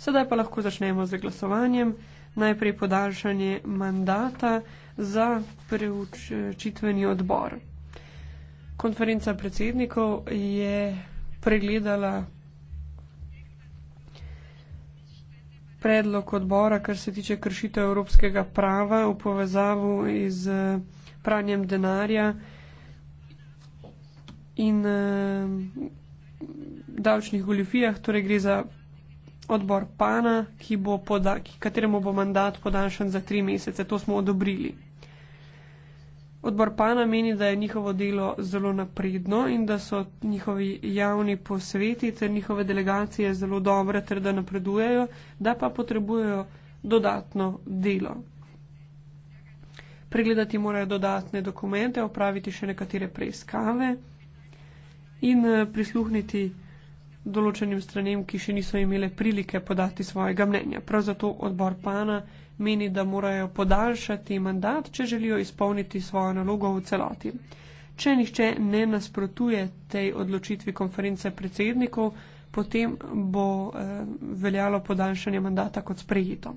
Sedaj pa lahko začnemo z glasovanjem. Najprej podaljšanje mandata za preučitveni odbor. Konferenca predsednikov je pregledala predlog odbora, kar se tiče kršitev evropskega prava v povezavu z pranjem denarja in uh, davčnih goljofijah, torej gre za odbor PANA, bo poda, kateremu bo mandat podaljšan za tri mesece. To smo odobrili. Odbor PANA meni, da je njihovo delo zelo napredno in da so njihovi javni posveti ter njihove delegacije zelo dobre ter da napredujejo, da pa potrebujejo dodatno delo. Pregledati morajo dodatne dokumente, opraviti še nekatere preiskave in eh, prisluhniti določenim stranem, ki še niso imele prilike podati svojega mnenja. Prav zato odbor Pana meni, da morajo podaljšati mandat, če želijo izpolniti svojo nalogo v celoti. Če nihče ne nasprotuje tej odločitvi konference predsednikov, potem bo eh, veljalo podaljšanje mandata kot sprejeto.